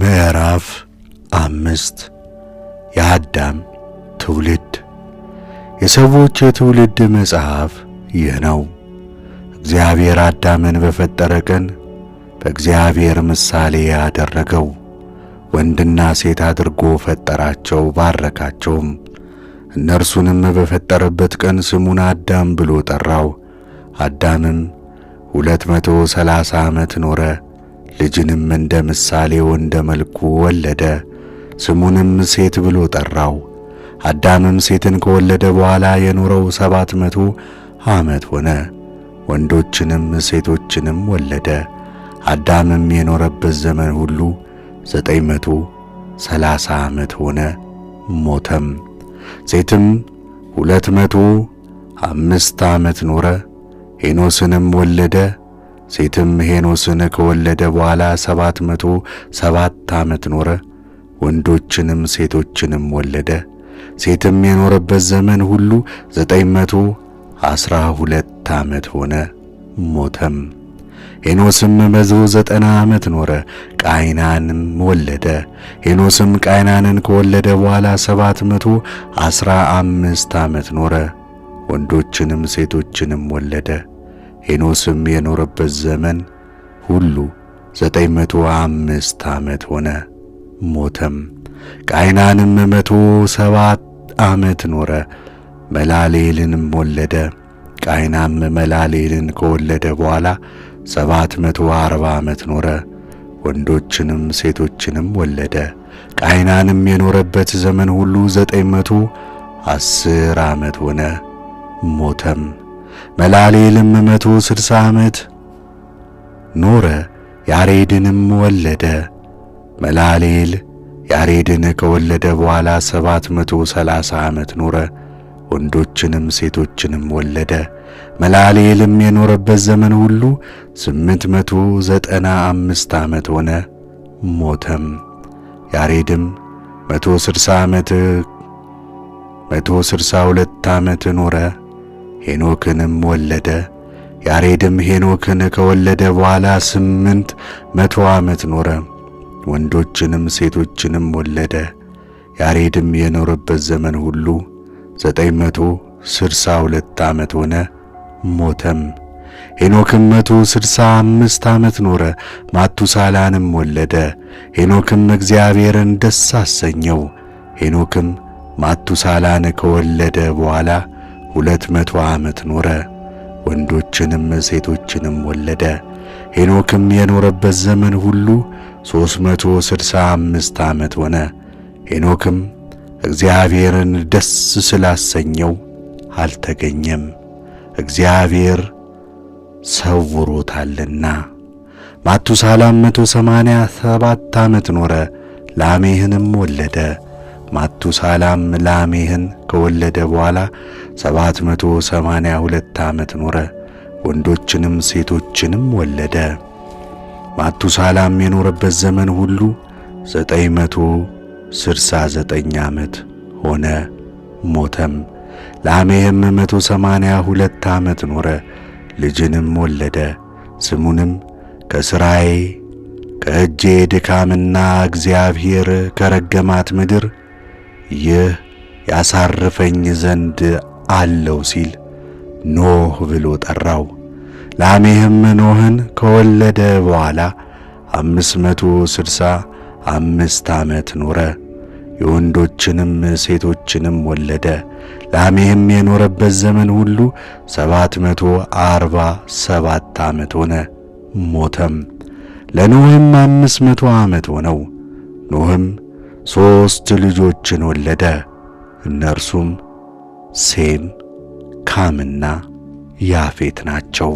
ምዕራፍ አምስት የአዳም ትውልድ የሰዎች የትውልድ መጽሐፍ ይህ ነው። እግዚአብሔር አዳምን በፈጠረ ቀን በእግዚአብሔር ምሳሌ ያደረገው ወንድና ሴት አድርጎ ፈጠራቸው፣ ባረካቸውም። እነርሱንም በፈጠረበት ቀን ስሙን አዳም ብሎ ጠራው። አዳምም ሁለት መቶ ሰላሳ ዓመት ኖረ። ልጅንም እንደ ምሳሌው እንደ መልኩ ወለደ፣ ስሙንም ሴት ብሎ ጠራው። አዳምም ሴትን ከወለደ በኋላ የኖረው ሰባት መቶ ዓመት ሆነ፣ ወንዶችንም ሴቶችንም ወለደ። አዳምም የኖረበት ዘመን ሁሉ ዘጠኝ መቶ ሰላሳ ዓመት ሆነ፣ ሞተም። ሴትም ሁለት መቶ አምስት ዓመት ኖረ፣ ሄኖስንም ወለደ። ሴትም ሄኖስን ከወለደ በኋላ ሰባት መቶ ሰባት ዓመት ኖረ፣ ወንዶችንም ሴቶችንም ወለደ። ሴትም የኖረበት ዘመን ሁሉ ዘጠኝ መቶ አስራ ሁለት ዓመት ሆነ፣ ሞተም። ሄኖስም በዙ ዘጠና ዓመት ኖረ፣ ቃይናንም ወለደ። ሄኖስም ቃይናንን ከወለደ በኋላ ሰባት መቶ አስራ አምስት ዓመት ኖረ፣ ወንዶችንም ሴቶችንም ወለደ። ሄኖስም የኖረበት ዘመን ሁሉ ዘጠኝ መቶ አምስት ዓመት ሆነ፣ ሞተም። ቃይናንም መቶ ሰባት ዓመት ኖረ፣ መላሌልንም ወለደ። ቃይናም መላሌልን ከወለደ በኋላ ሰባት መቶ አርባ ዓመት ኖረ፣ ወንዶችንም ሴቶችንም ወለደ። ቃይናንም የኖረበት ዘመን ሁሉ ዘጠኝ መቶ አስር ዓመት ሆነ፣ ሞተም። መላሌልም መቶ ስድሳ ዓመት ኖረ፣ ያሬድንም ወለደ። መላሌል ያሬድን ከወለደ በኋላ ሰባት መቶ ሰላሳ ዓመት ኖረ፣ ወንዶችንም ሴቶችንም ወለደ። መላሌልም የኖረበት ዘመን ሁሉ ስምንት መቶ ዘጠና አምስት ዓመት ሆነ፣ ሞተም። ያሬድም መቶ ስድሳ ዓመት መቶ ስድሳ ሁለት ዓመት ኖረ ሄኖክንም ወለደ። ያሬድም ሄኖክን ከወለደ በኋላ ስምንት መቶ ዓመት ኖረ፣ ወንዶችንም ሴቶችንም ወለደ። ያሬድም የኖረበት ዘመን ሁሉ ዘጠኝ መቶ ስድሳ ሁለት ዓመት ሆነ፣ ሞተም። ሄኖክም መቶ ስድሳ አምስት ዓመት ኖረ፣ ማቱሳላንም ወለደ። ሄኖክም እግዚአብሔርን ደስ አሰኘው። ሄኖክም ማቱሳላን ከወለደ በኋላ ሁለት መቶ ዓመት ኖረ፣ ወንዶችንም ሴቶችንም ወለደ። ሄኖክም የኖረበት ዘመን ሁሉ ሦስት መቶ ስድሳ አምስት ዓመት ሆነ። ሄኖክም እግዚአብሔርን ደስ ስላሰኘው አልተገኘም፣ እግዚአብሔር ሰውሮታልና። ማቱሳላም መቶ ሰማንያ ሰባት ዓመት ኖረ፣ ላሜህንም ወለደ። ማቱሳላም ላሜህን ከወለደ በኋላ 782 ዓመት ኖረ፣ ወንዶችንም ሴቶችንም ወለደ። ማቱሳላም የኖረበት ዘመን ሁሉ 969 ዓመት ሆነ፣ ሞተም። ላሜህም 182 ዓመት ኖረ፣ ልጅንም ወለደ። ስሙንም ከሥራዬ ከእጄ ድካምና እግዚአብሔር ከረገማት ምድር ይህ ያሳርፈኝ ዘንድ አለው ሲል ኖህ ብሎ ጠራው። ላሜህም ኖህን ከወለደ በኋላ አምስት መቶ ስድሳ አምስት ዓመት ኖረ። የወንዶችንም ሴቶችንም ወለደ። ላሜህም የኖረበት ዘመን ሁሉ ሰባት መቶ አርባ ሰባት ዓመት ሆነ፣ ሞተም። ለኖህም አምስት መቶ ዓመት ሆነው። ኖህም ሦስት ልጆችን ወለደ። እነርሱም ሴም፣ ካምና ያፌት ናቸው።